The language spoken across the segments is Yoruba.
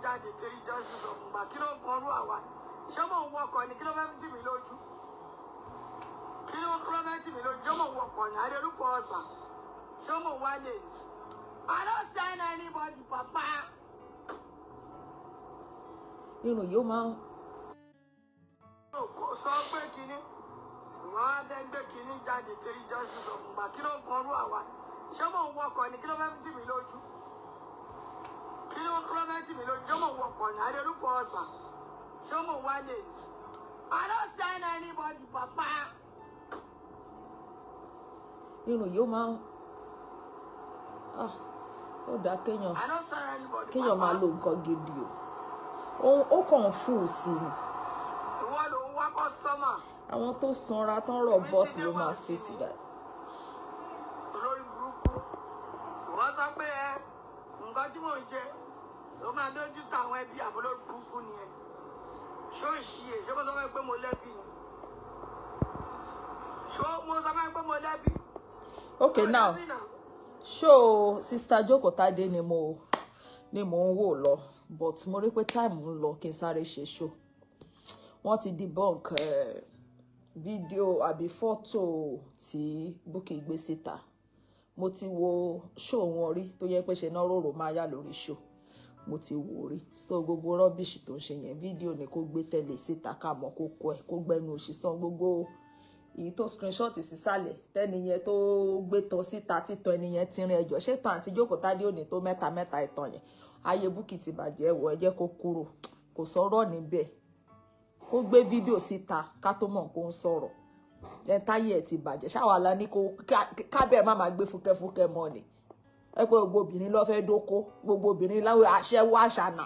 jáde tí rí justice kí ló ń kan àwa ṣé mò ń wọkọ̀ ni kí ló fẹ́ jì mí lójú kí ló fẹ́ jì mí lójú ṣé mò ń wọkọ̀ ni àdé olúkọ ọ̀sán ṣé mò ń wálé ni I don't sign anybody papa. irun yìí ó máa ń. sọ pé kínní wọn á dẹ́ gbé kínní jáde tí rí justice kí ló ń kan àwa ṣé mò ń wọkọ̀ ni kí ló fẹ́ jì mí lójú kí ló promise mi lójú ọmọ wọ ọkọ ní adélúkọ ọsàn ṣé ọmọ wa lè I don't sign anybody papa. irun yìí ó máa ń ah, ó dáa kéèyàn kéèyàn máa lo nǹkan gidi o ó kàn ń fún un sí ni. ìwọ ló ń wá kọ́sítọ́mà. àwọn tó sanra tán rọ̀ bọ́ọ̀sì ló máa fi ti dà. olórí burúkú ìwọ sọ pé ẹ nǹkan tí mò ń jẹ ó máa lójú tó àwọn ẹbí àbúlórí burúkú ni ẹ ṣóòṣì ẹ ṣé mo sọ fẹ́ pé mo lẹ́bi ni ṣó mo sọ fẹ́ pé mo lẹ́bi. okay now ṣó sister Jokotade ni mo ni mo ń wò lọ but mo rí pé time ń lọ kí n sáré ṣe ṣó wọ́n ti debunk fídíò eh, àbí fọ́tò tí Bukky gbé síta mo ti wo ṣó wọn rí tó yẹ pé ṣe náà rorò máa yá lórí ṣó mo ti wò rí so gbogbo rọ́bìṣì tó ń ṣe yẹn fídíò ni kó gbé tẹ̀lé síta ká mọ̀ kó kọ kó gbẹnu òṣì san gbogbo èyí tó screenshot sísàlẹ̀ tẹ́ni yẹn tó gbé tán síta títàn ẹni yẹn ti rin ẹjọ́ ṣé tán àti jókòó tádé òní tó mẹ́ta mẹ́ta ìtàn yẹn ayé búkì ti bàjẹ́ wọ ẹ jẹ́ kó kúrò kò sọ̀rọ̀ níbẹ̀ kó gbé fídíò síta ká tó mọ̀ kó ń sọ̀rọ̀ ẹ̀ táyé ẹ̀ ti bàjẹ́ ṣáwa la ní kó kábẹ́ẹ̀ má máa gbé fúkẹ́fúkẹ́ mọ́ ni ẹ pé gbogbo obìnrin ló fẹ́ dóko gbogbo obìnrin láwọn aṣẹ́wó àṣànà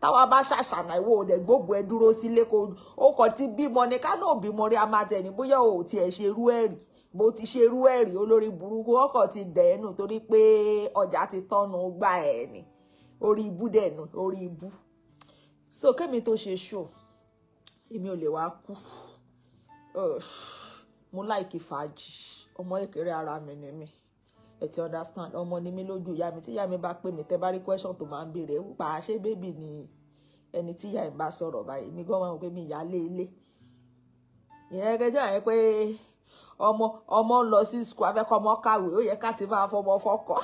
táwa bá ṣàṣànà ìwọ òde gbogbo ẹ dúró sílé kó o kàn ti bímọ ni ká náà bímọ rí a máa tẹ̀ ní bóyá o tiẹ̀ ṣe irú ẹ̀ rí bó ti ṣe irú ẹ̀ rí olórí burúkú ọkọ̀ ti dẹ̀ ẹ́nu torí pé ọjà ti tọ́nu gbà ẹ̀ ni orí ibú dẹ̀ nu orí ibú so kémi tó ṣe ṣò èmi ò lè wá kú mo láìkí fàájì ọmọ ìkéré ara mi ni mi ẹ ti understand ọmọ ni mí lójú ìyá mi tí ìyá mi bá pè mí tẹ bá rí question tó máa ń béèrè ń pa ṣé bébì ni ẹni tí ìyá ẹ̀ bá sọ̀rọ̀ báyìí mi gan máa ń pè mí ìyá lé ilé ìyẹn gẹ́gẹ́ àyẹ̀ pé ọmọ ọmọ ń lọ sí school abẹ́kọ̀ ọmọ kàwé ó yẹ ká ti máa fọmọ fọkọ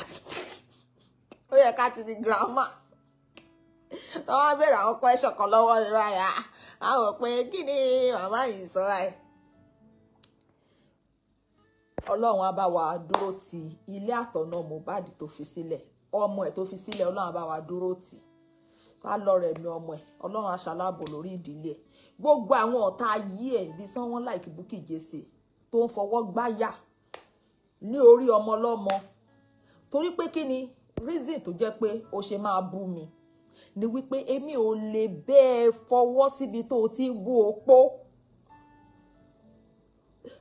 ó yẹ ká ti di girama tọ́wọ́ béèrè àwọn question kan lọ́wọ́ mi báyà á wò pé kí ni màmá yìí sọ báyìí ọlọ́run á bá wa dúró ti ilé àtọ̀nà Mohbad tó fi sílẹ̀ ọmọ ẹ̀ tó fi sílẹ̀ ọlọ́run á bá wa dúró tì á lọ rẹ̀ mi ọmọ ẹ̀ ọlọ́run á ṣàlábò lórí ìdílé ẹ̀ gbogbo àwọn ọ̀tá ayé ẹ̀ bí someone like Bukky Jesse tó ń fọwọ́ gbáyà ní orí ọmọ ọlọ́mọ torí pé kí ni reason tó jẹ́ pé o ṣe máa bú mi ni wípé èmi ò lè bẹ́ẹ̀ fọwọ́ síbi tó o ti ń bú opó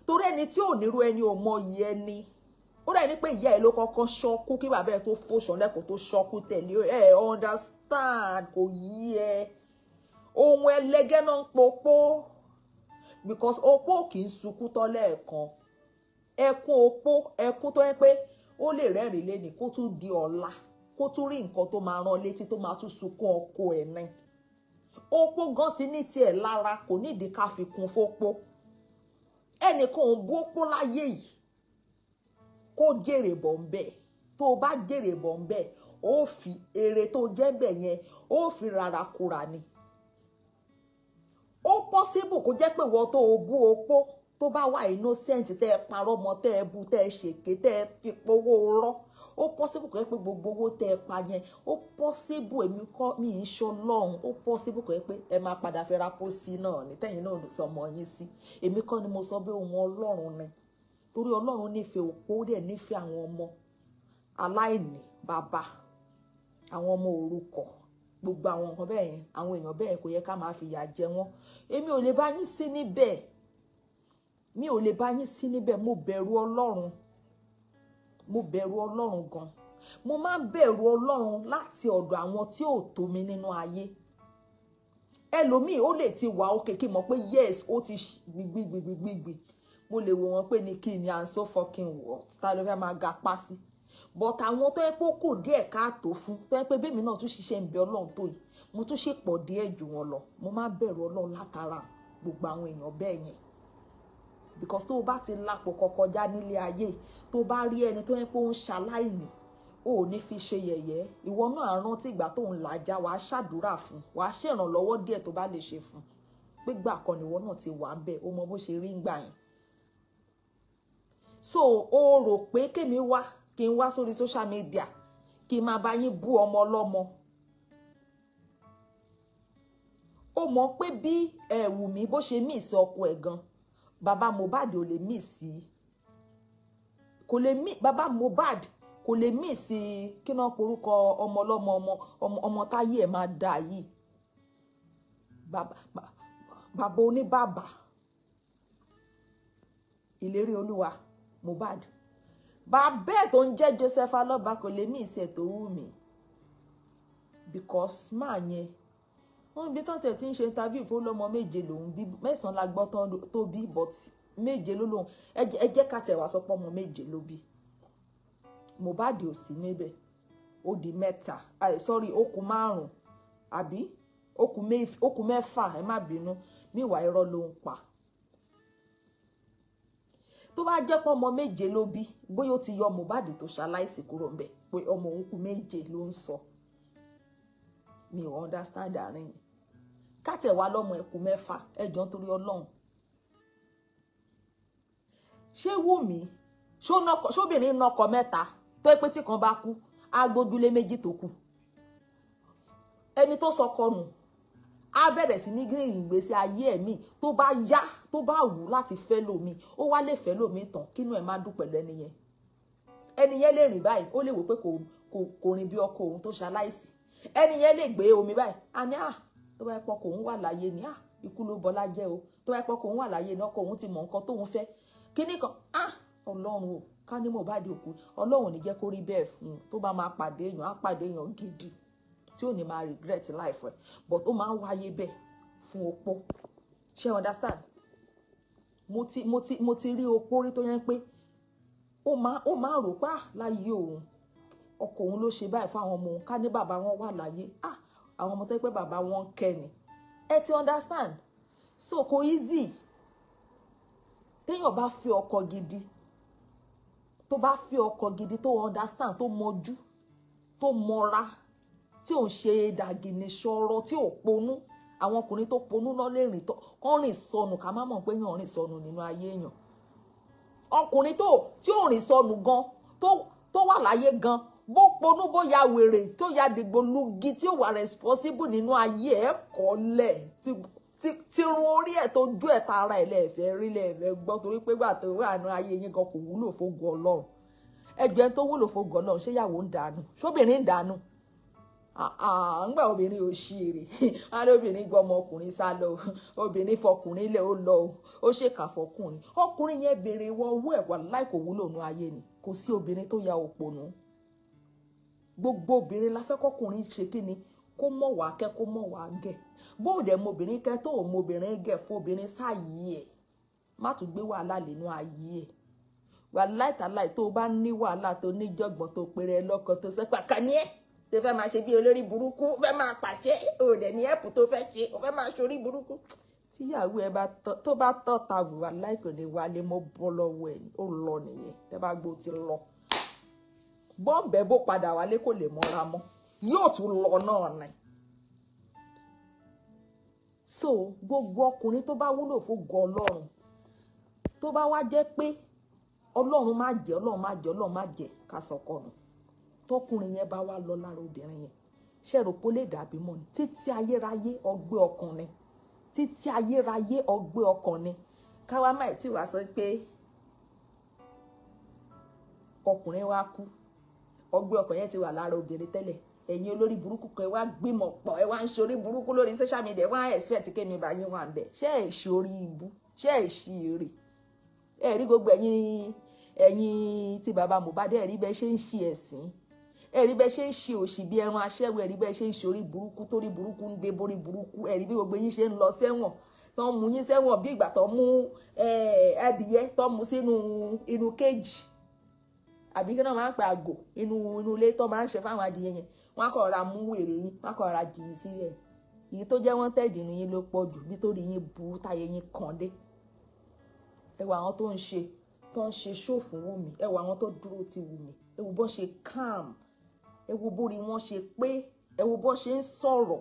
torí ẹni tí ò nírú ẹni ò mọ iye ẹni ó dà ní pé ìyá ẹ ló kọ́kọ́ ṣọ́kú kí bàbá ẹ tó fòṣọ lẹ́kọ̀ọ́ tó ṣọ́kú tẹ̀lé ẹ understand kò yí ẹ ohun ẹlẹgẹ́ náà ń popó because opó kì í sunkún tán lẹ́ẹ̀kan ẹkún opó ẹkún tó yẹ pé ó lè rẹ́rìn lẹ́ni kó tún di ọ̀la kó tún rí nǹkan tó máa rán létí tó máa tún sunkún ọkọ ẹ̀ náà opó gan ti ní tiẹ̀ lára kò nídìí ká fi kún fópó ẹnìkan ò bó pọ́ láyé yìí kó jèrè bọ̀ ń bẹ̀ tó o bá jèrè bọ̀ ń bẹ̀ ó fi èrè tó jẹ́ bẹ̀ yẹn ó fi rárá kura ni ó pọ́síbù kó jẹ́ pé wọ́n tó o bú opó tó bá wà innocent tẹ́ ẹ parọ́ mọ́ tẹ́ ẹ bu tẹ́ ẹ ṣèké tẹ́ ẹ fi powó rọ́ ó possible kò yẹ pé gbogbo owó tẹ́ ẹ pa yẹn ó possible èmi kọ́ mi ń ṣọ́ lọ́hùn ó possible kò yẹ pé ẹ máa padà fẹ́ ra pósí náà ní tẹ̀yìn náà ló sọ ọmọ yín sí èmi kọ́ ni mo sọ bí ohun ọlọ́run ni torí ọlọ́run nífẹ̀ẹ́ òpó dẹ̀ nífẹ̀ẹ́ àwọn ọmọ aláìní bàbá àwọn ọmọ òrukọ gbogbo àwọn nǹkan bẹ́ẹ̀ yẹn àwọn èèyàn bẹ́ẹ̀ kò yẹ ká máa fìyà jẹ wọ́n èmi ò lè bá yín sí níbẹ̀ mi ò lè bá yín sí níbẹ̀ mo bẹ̀rù ọlọ́run mo bẹ̀rù ọlọ́run gan mo máa ń bẹ̀rù ọlọ́run láti ọ̀dọ̀ àwọn tí ò tó mi nínú ayé ẹlòmíì ó lè ti wà ókè kí n mọ̀ pé yes ó ti gbigbigbigbigbigbi mo lè wò wọ́n pé ní kí ni à ń so fucking what ta ló fẹ́ máa ga pásí but àwọn tó yẹ pé ó kò díẹ̀ káàtó fún tó yẹ pé bẹ́ẹ̀ mi náà tún ṣiṣẹ́ ń bẹ ọlọ́run tó yìí mo tún ṣe pọ̀ díẹ̀ jù wọn lọ mo máa bẹ̀rù ọlọ́run látara gbogbo àwọn èèyàn bẹ́ẹ̀ yẹn because tó o bá ti lápò kọkọjá nílé ayé tó o bá rí ẹni tó yẹ pé ó ń ṣaláìní o ò ní fi ṣe yẹ̀yẹ́ ìwọ náà rántí ìgbà tó ń làjà wàá ṣàdúrà fún wàá ṣèrànlọ́wọ́ díẹ̀ tó bá lè ṣe fún pé gbà kan nìwọ náà ti wà bẹ o mọ bó ṣe rí gbà yẹn so o rò pé kémi wá kí n wá sórí social media kí n máa bá yín bú ọmọ ọlọ́mọ ó mọ̀ pé bí ẹ̀wù mi bó ṣe mí ìsọkù ẹ̀ gan baba Mohbad ò lè mí sí kò lè mí baba Mohbad kò lè mí sí kí náà porúkọ ọmọ ọlọ́mọ ọmọ ọmọ táyé ẹ̀ máa dà yìí baba baba oníbàbà ìlérí olúwa Mohbad bàbá ẹ̀ tó ń jẹ́ Joseph Alọ́ba kò lè mí sí ẹ̀ tó wù mí because máa yẹn wọ́n bí tán tẹ̀ tí ń ṣe interview fún méje lòun bí mẹ́sàn-án la gbọ́ tán tó bí but méje ló lòun ẹ jẹ́ ká tẹ̀ wá sọ pé ọmọ méje ló bí Mohbad ò sí níbẹ̀ ó di mẹ́ta sorry ó kù márùn-ún àbí ó kù mẹ́fà ẹ má bínú míwàá irọ́ ló ń pa tó bá jẹ́ pé ọmọ méje ló bí bóyá ó ti yọ Mohbad tó ṣaláìsí kúrò ńbẹ̀ pé ọmọ òun méje ló ń sọ mi ò understand àárín yìí kátẹ̀ wá lọ́mọ ẹ̀kú mẹ́fà ẹ̀jọ́ nítorí ọlọ́run ṣé Wùmí ṣóbìnrin nọkọ mẹ́ta tó pé tí kan bá kú á gbójúlé méjì tó kù ẹni tó sọkọ nù á bẹ̀rẹ̀ sí ní gírìrì ìgbésí ayé ẹ̀mí tó bá yá tó bá wù láti fẹ́ lómi ó wá lè fẹ́ lómi tán kínú ẹ̀ má dùn pẹ̀lú ẹni yẹn ẹni yẹn lè rìn báyìí ó lè wò pé kò rìn bí ọkọ òun tó ṣaláìsí ẹni yẹn lè gbé omi báyìí àní à ah, tó bá pọ̀ kò ń wà láyé ni ah ikú ló bọlá jẹ́ o tó bá pọ̀ kò ń wà láyé náà kò ń ti mọ̀ nǹkan tóun fẹ́ kíní kan ah ọlọ́run o ká ní di òkú ọlọ́run ní jẹ́ kó rí bẹ́ẹ̀ fún un tó bá máa pàdé èèyàn á pàdé èèyàn gidi tí ò ní máa regret life rẹ̀ but ó máa ń wáyé bẹ́ẹ̀ fún opó ṣé understand mo ti mo ti mo ti rí opó rí tó yẹn pé ó máa ó máa rò pé ah láyé òun ọkọ òun ló ṣe báyìí fún ọmọ òun ká ní bàbá wọn wà láyé ah àwọn ọmọ tó pé bàbá wọn kẹ́ ni ẹ ti understand so kò easy téèyàn bá fi ọkọ gidi tó bá fi ọkọ gidi tó understand tó mọjú tó mọra tí ò ń ṣe dàgìní ṣọ̀rọ̀ tí ò ponú àwọn ọkùnrin tó ponú náà lè rìn kán rìn sọnù ká má mọ̀ pé yàn rìn sọnù nínú ayé èèyàn ọkùnrin tó tí ò rìn sọnù gan tó wà láyé gan bó ponú bó ya wèrè tó ya dìgbòlugi tí ó wà responsible nínú ayé ẹ̀ kọ́ lẹ̀ tí run orí ẹ̀ tó ju ẹ̀ tara ẹ̀ lẹ́ẹ̀fẹ́ rí lẹ́ẹ̀fẹ́ gbọ́ torí pé gbà tó wà ní ayé yín gan kò wúlò fógun ọlọ́run ẹgbẹ́ tó wúlò fógun ọlọ́run ṣé ìyàwó ń dànù ṣóbìnrin ń dànù ngbà obìnrin ò ṣeré wọn ní obìnrin gbọ́ ọmọkùnrin sá lọ obìnrin fọkùnrin lẹ ó lọ ó ṣèkà fọkùnrin ọkùnrin yẹn béèrè wọ owó ẹwà láì kò wúlò nù ayé ni kò sí obìnrin tó ya òpònú gbogbo obìnrin la fẹ́ kọkùnrin ṣe kí ni kó mọ̀ wá kẹ́ kó mọ̀ wá gẹ̀ bó o dẹ̀ mobìnrin kẹ́ tó o mobìnrin gẹ̀ fóbìnrin sáàyè ẹ̀ má tún gbé wàhálà lẹ́nu ayé ẹ̀ wà láìtàláì tó o bá ní wàhálà tó níjọ̀gbọ̀n tó péré ẹ lọ́kọ tó ṣe pàkàní ẹ̀ tó fẹ́ máa ṣe bí olórí burúkú fẹ́ máa pàṣẹ o dẹ̀ ní ẹ̀pù tó fẹ́ ṣe o fẹ́ máa ṣorí burúkú tíyàwó ẹ tó bá tọ́ ta wà láìpẹ́ ní wálé mọ́ bọ́ lọ́wọ́ ẹ̀ ó lọ nìyẹn tẹ́ bá gbó ti lọ bọ́m̀bẹ́ bó padà wálé kò lè mọ́ra mọ́ yóò tún lọ náà ni. so gbogbo ọkùnrin tó bá wúlò fún gan ọlọ́run tó bá wá jẹ́ pé ọlọ́run má jẹ́ ọlọ́run má jẹ́ ọlọ́run má jẹ́ ká sọkọ̀nù tọkùnrin yẹn bá wá lọ lára obìnrin yẹn ṣẹ̀rọ pé ó lè dàbí mọ́ ni títí ayérayé ọgbẹ́ ọkùnrin títí ayérayé ọgbẹ́ ọkùnrin káwá máì tí wàá sọ pé ọkùnrin wa kú ọgbẹ ọkàn yẹn ti wà lára obìnrin tẹ́lẹ̀ ẹ̀yin olórí burúkú kan ẹ wá gbìmọ̀ pọ̀ ẹ wá ń ṣe orí burúkú lórí social media ẹ wá expect kémi báyìí wà ń bẹ̀ ṣé ẹ̀ ṣe orí ibú ṣé ẹ̀ ṣe èrè ẹ̀ rí gbogbo ẹ̀yin ẹ̀yin tí bàbá Mohbad ẹ̀ rí bẹ́ẹ̀ ṣe ń ṣe ẹ̀sìn ẹ̀ rí bẹ́ẹ̀ ṣe ń ṣe òṣì bí ẹran aṣẹ́wó ẹ̀ rí bẹ́ẹ̀ ṣe ń ṣe orí burúkú torí burúkú ń dé borí burúkú ẹ̀ rí bí gbogbo yín ṣe ń lọ sẹ́wọ̀n tó ń mú yín sẹ́wọ̀n bí ìgbà tó ń mú adìyẹ tó ń mú sínú inú kéèjì àbí kí wọ́n máa ń pe àgò inú inú ilé tó máa ń ṣe fáwọn adìyẹ yẹn wọ́n á kọ̀ ra mú wèrè yín wọ́n á kọ̀ ra jìyìn sílẹ̀ èyí tó jẹ́ wọ́n tẹ̀dí inú yín ló pọ̀ jù bí tó rí yín bu táyé yín kàn dé ẹwà àwọn tó ń ṣe tó ń ṣe ṣòfò wù mí ẹwà àwọn tó dúró ti wù mí ẹwù bọ́ ṣe calm ẹwù bórí wọn ṣe pé ẹwù bọ́ ṣe ń sọ̀rọ̀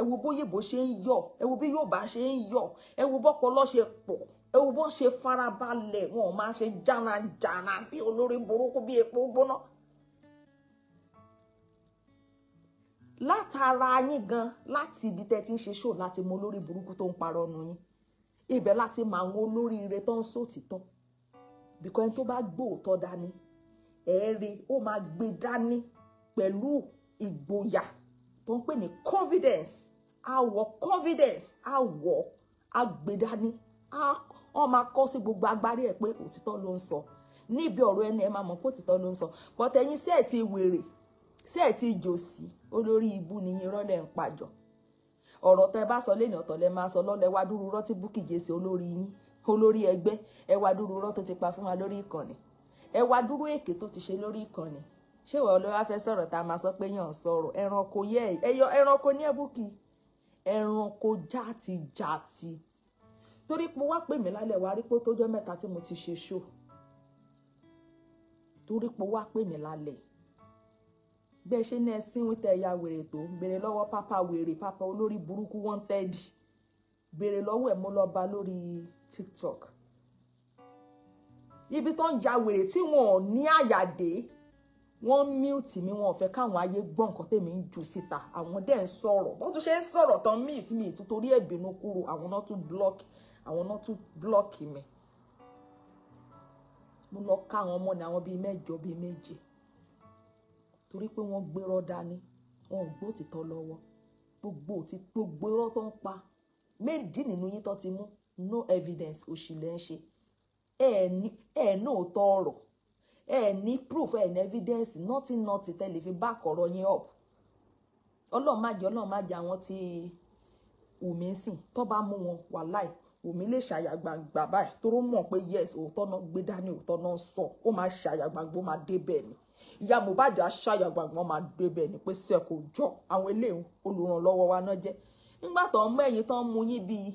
ẹwù bóyè bó ṣe ń yọ̀ ẹwù bí yóò bá ṣe ń yọ̀ ẹwù bọ́pọlọ ṣe pọ̀ ewu bọ́n ṣe farabalẹ̀ wọn ò máa ṣe jànàjànà bí olórí burúkú bí epo gbóná. látara yín gan láti ibi tẹ́ ti ń ṣe ṣó láti mọ olórí burúkú tó ń parọ́ nu yín ibẹ̀ láti mọ àwọn olóríire tó ń sòtítọ́ bìkọ́ ẹni tó bá gbóòótọ́ dání ẹ̀ẹ́rì ó máa gbé dání pẹ̀lú ìgboyà tó ń pè ní confidence àwọ̀ confidence àwọ̀ agbèdání wọ́n ma kọ́ sí gbogbo agbárí ẹ̀ pé òtítọ́ ló ń sọ níbi ọ̀rọ̀ ẹnu ẹ máa mọ̀ pé òtítọ́ ló ń sọ pọ̀tẹ́yìn sí ẹ̀ ti wèrè sí ẹ̀ ti jòsí olórí ibú nìyí rọ́lẹ̀ ń pàjọ́ ọ̀rọ̀ tẹ bá sọ lẹ́nu ọ̀tọ̀ lẹ máa sọ lọ́lẹ̀ wá dúró rọ́ tí Bukky Jesse olórí yín olórí ẹgbẹ́ ẹ wá dúró rọ́ tó ti pa fún wa lórí ìkànnì ẹ wá dúró èké tó ti ṣe lórí ìkànnì ṣé ìwọ ló wá fẹ́ tá a máa sọ pé yàn sọ̀rọ̀ ẹranko yẹ ẹyọ ẹranko ní ẹbùkì ẹranko játijáti torí pé wá pè mí lálẹ́ wá rí pé tó jọ́ mẹ́ta tí mo ti ṣe ṣó torí pé wá pè mí lálẹ́ bẹ́ẹ̀ ṣe ní ẹsìn wíńtẹ̀ ẹ̀yà wèrè tó béèrè lọ́wọ́ pápá wèrè pápá olórí burúkú wanted béèrè lọ́wọ́ ẹ̀ mo lọ bá lórí tiktok ibi tó ń ya wèrè tí wọn ò ní àyàdé wọ́n mute mi wọn ò fẹ́ káwọn ayé gbọ́ nǹkan tèmi ń jù síta àwọn dẹ̀ ń sọ̀rọ̀ bó tún ṣe ń sọ̀rọ̀ tán mute mi ìtútorí ẹ̀bínú kúrò àwọn náà tún block àwọn náà tún blọọkì mi mo lọ ká àwọn ọmọ ní àwọn bíi mẹ́jọ bíi méje torí pé wọ́n gbérọ́ dání wọn ò gbọ́ òtítọ́ lọ́wọ́ gbogbo òtí gbogbo irọ́ tó ń pa méjì nínú yín tó ti mú no evidence òṣìlẹ̀ ń ṣe ẹ̀ ní òótọ́ ọ̀rọ̀ ẹ̀ ní proof ẹ̀ ní evidence nothing nothing tẹ́lẹ̀ fi back ọ̀rọ̀ yín up ọlọ́run má jẹ́ ọlọ́run má jẹ́ àwọn tí Wùmí ń sìn tó bá mú wọn wàláì Wùmí lè ṣàyà gbangba báyìí tóró mọ̀ pé yes òótọ́ náà gbé dání òótọ́ sọ ó máa ni ìyá Mohbad aṣáyà gbangba máa débẹ̀ ni pé sẹ́ kò jọ àwọn eléyìí olùrànlọ́wọ́ wa náà jẹ́ nígbà tó ń tó ń mu yín bíi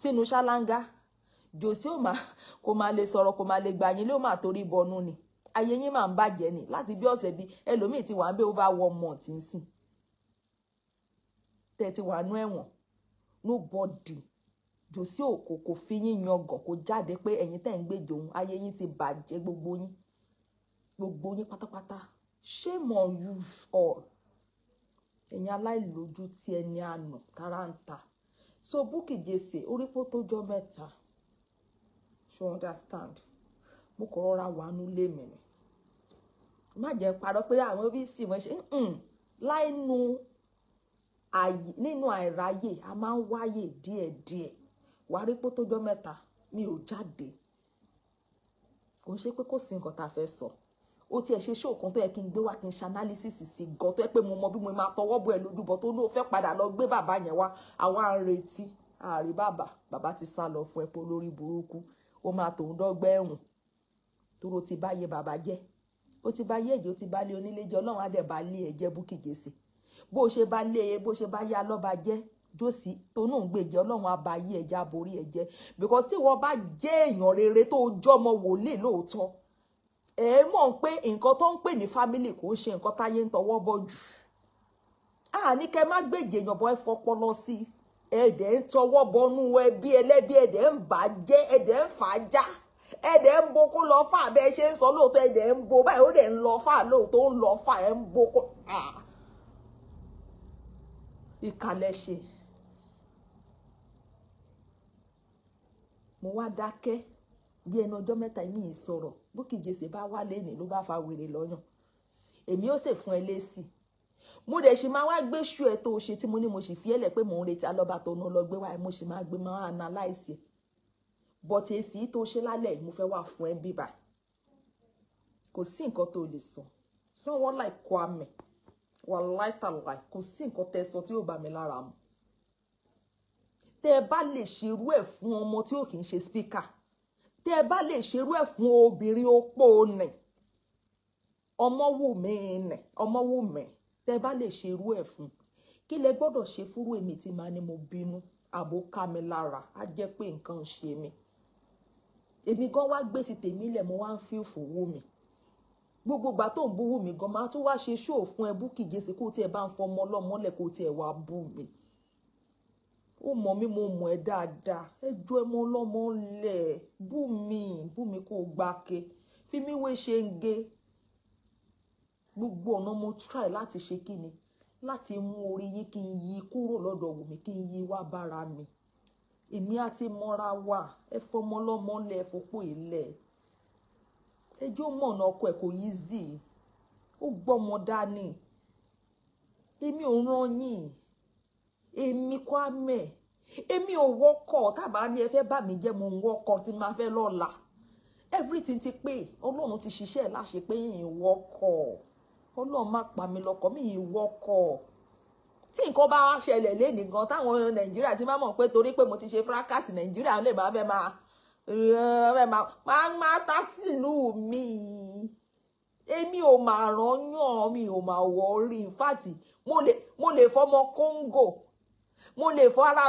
sínú ṣáláńgá jòsí ò máa kò máa lè sọ̀rọ̀ kò máa lè gbà yín lé ó máa torí bọnú ni ayé yín máa bàjẹ́ ni láti bí ọ̀sẹ̀ jòsí òkò kò fi yín yangàn kò jáde pé ẹ̀yin tẹ́ ń gbèjò òun ayé yín ti bàjẹ́ gbogbo yín gbogbo yín pátápátá shame on you all ẹ̀yin aláìlójú tí ẹni àná tara ń ta so Bukky Jesse orípò tó jọ mẹ́ta you understand mo kò rọra wà nílé mi ni má jẹ́ parọ́ pé àwọn bí sì wọ́n ṣe láìnu nínú àìráyè a máa ń wáyè díẹ̀díẹ̀ wàá rí pé tó jọ́ mẹ́ta mi ò jáde kò ń ṣe pé kò sí nǹkan tá a fẹ́ sọ ó tiẹ̀ ṣe ṣé òkan tó yẹ kí n gbé wá kí n ṣe analysis sí gan tó yẹ pé mo mọ bí mo máa tọwọ́ bọ ẹ̀ lójúbọ tó ló fẹ́ padà lọ gbé bàbá yẹn wá àwa ń retí ààrẹ bàbá bàbá ti sá lọ fún ẹpọ lórí burúkú ó máa tòun dọ́gbẹ́ ẹ̀wọ̀n tóró ti bá yẹ bàbá jẹ́ ó ti bá yẹ ẹ̀jẹ̀ ó ti bá lé onílé jẹ́ ọlọ́run á dẹ̀ bá lé ẹ̀jẹ̀ búkìjẹ́sì bó ṣe bá lé e bó ṣe bá yá lọ́ba jẹ́ jósì tó náà ń gbèjẹ ọlọ́run abayé ẹ̀jẹ̀ aborí ẹ̀jẹ̀ because tí wọ́n bá jẹ́ èèyàn rere tó jọmọ wòlíì lóòótọ́ ẹ mọ̀ pé nǹkan tó ń pè ní family kò ń ṣe nǹkan táyé ń tọwọ́ bọ̀ jù àní kẹ má gbèjè èèyàn bọ́ ẹ fọpọlọ sí ẹ̀dẹ̀ e tọwọ́ bọnú e ẹlẹ́bí ẹ̀dẹ̀ ń bà jẹ́ ẹ̀dẹ̀ ń fà á já ẹ̀dẹ̀ ń bo kó lọ fà bẹ́ẹ̀ ṣe ń sọ lóòótọ́ ẹ̀dẹ̀ ń bo báyìí ó dẹ̀ ń lọ fà lóòótọ́ ń lọ fà ẹ̀ ń bo kó ìkàlẹ̀ ṣe. mo wá dákẹ́ bí ẹnu ọjọ́ mẹ́ta mi ì sọ̀rọ̀ Bukky Jesse bá wá lẹ́nìí ló bá fa wèrè lọ́yàn èmi ó sì fún ẹ lésì mo dẹ̀ ṣì máa wá gbé ṣú ẹ tó o ṣe tí mo ní mo sì fi ẹ̀lẹ̀ pé mò ń retí alọ́ba tó ná lọ gbé wáyé mo sì máa gbé máa analyze but èsì tó ṣe lálẹ́ mo fẹ́ wá fún ẹ bíbà kò sí nǹkan tó lè sọ sanwó láì kọ àmì wà láìtàláì kò sí nǹkan tẹ sọ tí yóò bá mi lára mu tẹ́ ẹ bá lè ṣerú ẹ̀ fún ọmọ tí ò kì í ṣe spíkà tẹ́ ẹ bá lè ṣerú ẹ̀ fún obìnrin opó nì ọmọwùmí nì ọmọwùmí tẹ́ ẹ bá lè ṣerú ẹ̀ fún kí lẹ gbọ́dọ̀ ṣe fúrú èmi tí màá ní mo bínú àbò ká mi lára á jẹ́ pé nǹkan ń ṣe mi èmi gan wá gbé ti tèmi lẹ̀ mo wá ń fi òfòwò mi gbogbo ìgbà tó ń bú wù mí gan máa tún wá ṣe ṣóò ẹ bú kìjẹsì kó tiẹ̀ bá ń fọmọ ọlọ́mọlẹ̀ kó tiẹ̀ wá bú mi ó mọ̀ mí mo mọ̀ ẹ́ dáadáa ẹ jọ ẹ mọ ọlọ́mọ ńlẹ̀ bú mi bú mi kó o gba ke fi mí wé ṣe ń ge gbogbo ọ̀nà mo try láti ṣe kí ni láti mú orí yín kí n yí kúrò lọ́dọ̀ wù mí kí n yí wá bára mi èmi àti mọ́ra wà ẹ fọmọ ọlọ́mọ ńlẹ̀ ẹ fòpó ìlẹ̀ ẹjọ́ mọ̀nà ọkọ ẹ̀ kò yí zì ó gbọ́mọ dání èmi ò rán yín èmi Kwame èmi ò wọ́kọ̀ tábà ní ẹ fẹ́ ba mí jẹ́ mo ń wọ́kọ̀ ma máa fẹ́ everything ti pé ọlọ́run ti ṣiṣẹ́ láṣẹ pé yìnyín wọ́kọ̀ ọlọ́run má pa mí lọ́kọ̀ mi yìnyín wọ́kọ̀ tí nǹkan bá ṣẹlẹ̀ lénìí gan táwọn nàìjíríà ti máa mọ̀ pé torí pé mo ti ṣe fracas nàìjíríà lè ba fẹ́ ma. Eh, fẹ́ ma. máa máa ta sílùú mi èmi ò máa rán yàn mi ò máa wọ in fact mo le mo le fọmọ Congo mo lè fọ ara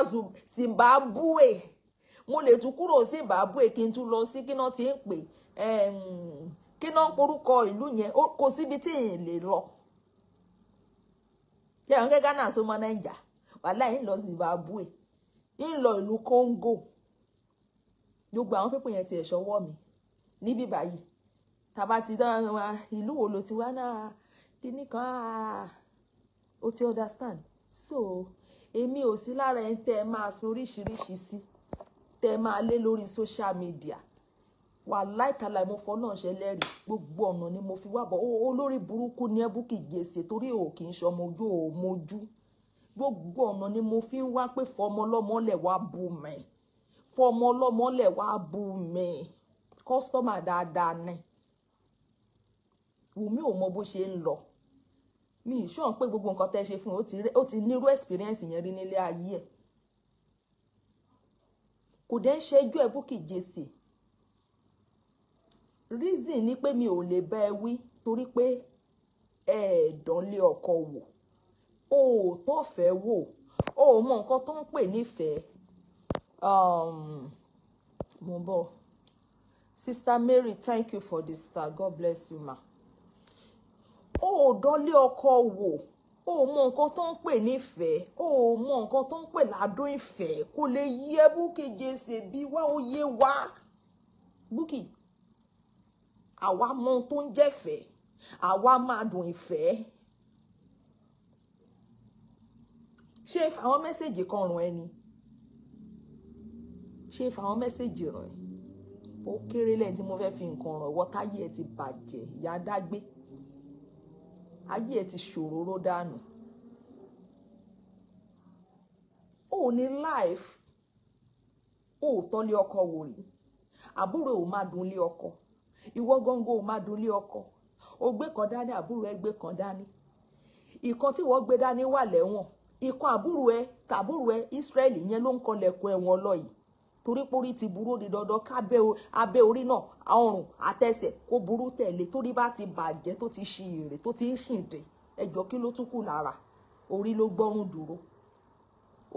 zimbabwe mo lè tún kúrò zimbabwe kí n tún lọ sí kí náà ti ń pè kí náà porúkọ ìlú yẹn kò síbi tí ì lè lọ ṣé àwọn kẹ́kẹ́ náà so mọ́ nàìjà wàhálà ń lọ zimbabwe ń lọ ìlú congo gbogbo àwọn pípọ̀ yẹn ti ẹ̀ ṣọwọ́ mi níbí báyìí tàbá ti dán wa ìlú wo ló ti wá náà kíní kan ó ah, ti understand so èmi ò sí lára ẹni tẹ́ ẹ máa sọ oríṣiríṣi sí tẹ́ ẹ máa lé lórí social media wà láìtàlà mo fọ́ náà ṣe lẹ́rìí gbogbo ọ̀nà ni mo fi wá bọ̀ olórí burúkú ni ẹbú kì í gbèsè torí ò kì í ṣọmọjú ò mojú gbogbo ọ̀nà ni mo fi ń wá pé fọmọ ọlọ́mọ lẹ̀ wá bú mi fọmọ lẹ̀ wá bú mi kọ́sítọ́mà dáadáa ni Wùmí ò mọ bó ṣe ń lọ mi ì ṣọ́n pé gbogbo nǹkan tẹ́ ṣe fún un ó ti nírú experience yẹn rí nílé ayé ẹ̀ kò dẹ́ ń ṣẹ́jú ẹ̀ Bukky Jesse reason ni pé mi ò lè bá ẹ wí torí pé ẹ̀ẹ̀dánlé ọkọ wò o ò tó fẹ́ wò o ò mọ nǹkan tó ń pè nífẹ̀ẹ́ um, mo ń Sister Mary thank you for the star God bless you ma o ò dánlé ọkọ wò o ò mọ nǹkan tó ń pè nífẹ̀ẹ́ o ò mọ nǹkan tó ń pè ládùn ìfẹ́ kò lè yí ẹ Bukky Jesse bí wá ó yé wá Bukky àwa mọ ohun tó ń jẹ́fẹ̀ẹ́ àwa máa dùn ìfẹ́ ṣé àwọn mẹ́sẹ̀jì kan ràn ẹni ṣé fàwọn mẹ́sẹ̀jì ràn ẹ́ ó kéré lẹ́yìn tí mo fẹ́ fi nǹkan ràn wọ́táyé ẹ ti bàjẹ́ ìyá dágbé ayé ẹ ti ṣòróró dànù ó ní life ó tọ́lé ọkọ wò rí àbúrò ò máa dùn lé ọkọ ìwọ gángan ò máa dùn lé ọkọ ó gbé kan dání àbúrò ẹ gbé kan dání ìkan tí wọ́n gbé dání wà lẹ́wọ̀n ìkan àbúrò ẹ tàbúrò ẹ Ísírẹ́lì yẹn ló ń kọlẹ̀kùn ẹ̀wọ̀n lọ torí porí ti burú di dandan kábẹ́ abẹ́ orí náà ọrùn àtẹsẹ̀ kó burú tẹ̀lé torí bá ti bàjẹ́ tó ti ṣi èrè tó ti ń ṣìndè ẹjọ́ kí ló tún kù lára orí ló gbọ́rùn dúró